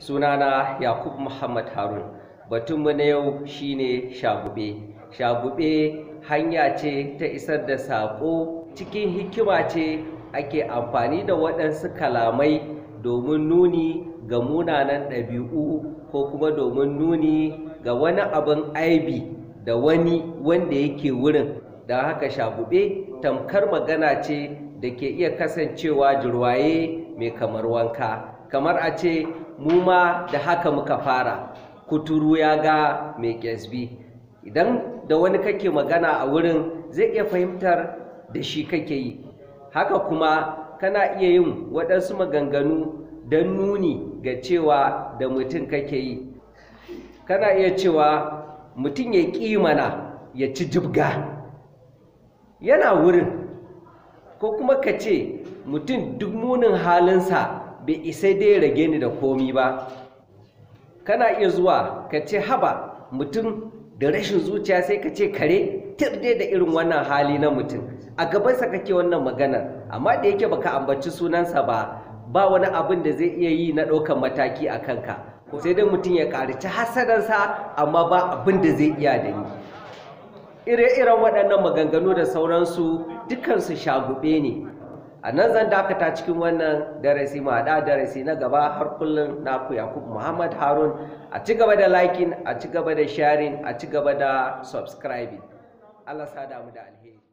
sunana yakub muhammad harun batunmu na yau shine shagube shagube hanya ce ta isar da saƙo cikin hikima ce ake amfani da waɗansu kalamai domin nuni ga munanan ɗabi'u ko kuma domin nuni ga wani abin aibi da wani wanda yake wurin da haka shagube tamkar magana ce da ke iya kasancewa jirwaye mai kamar wanka kamar a ce mu ma da haka muka fara kuturu ya ga mai kyasbi idan da wani kake magana a wurin zai iya fahimtar da shi kake yi haka kuma kana iya yin waɗansu maganganu don nuni ga cewa da mutum kake yi kana iya cewa mutum ya ƙi mana ya ci jibga yana wurin ko kuma ka ce mutum duk munin halinsa bai isa dai rage ni da komi ba kana iya zuwa ka ce haba mutum da rashin zuciya sai ka ce kare tirde da irin wannan hali na mutum a gabansa kake wannan maganar amma da yake baka ambaci sunansa ba ba wani abin da zai iya yi na ɗaukan mataki a kanka sai dai mutum ya ƙarici hasadansa amma ba abin da zai iya da ni ire-iren waɗannan maganganu da sauransu dukansu shagube ne a nan zan dakata cikin wannan darasi ma da darasi na gaba har kullum na ku yakub muhammad harun a ci gaba da liking a ci gaba da sharing a ci gaba da subscribing allah sada mu da alheri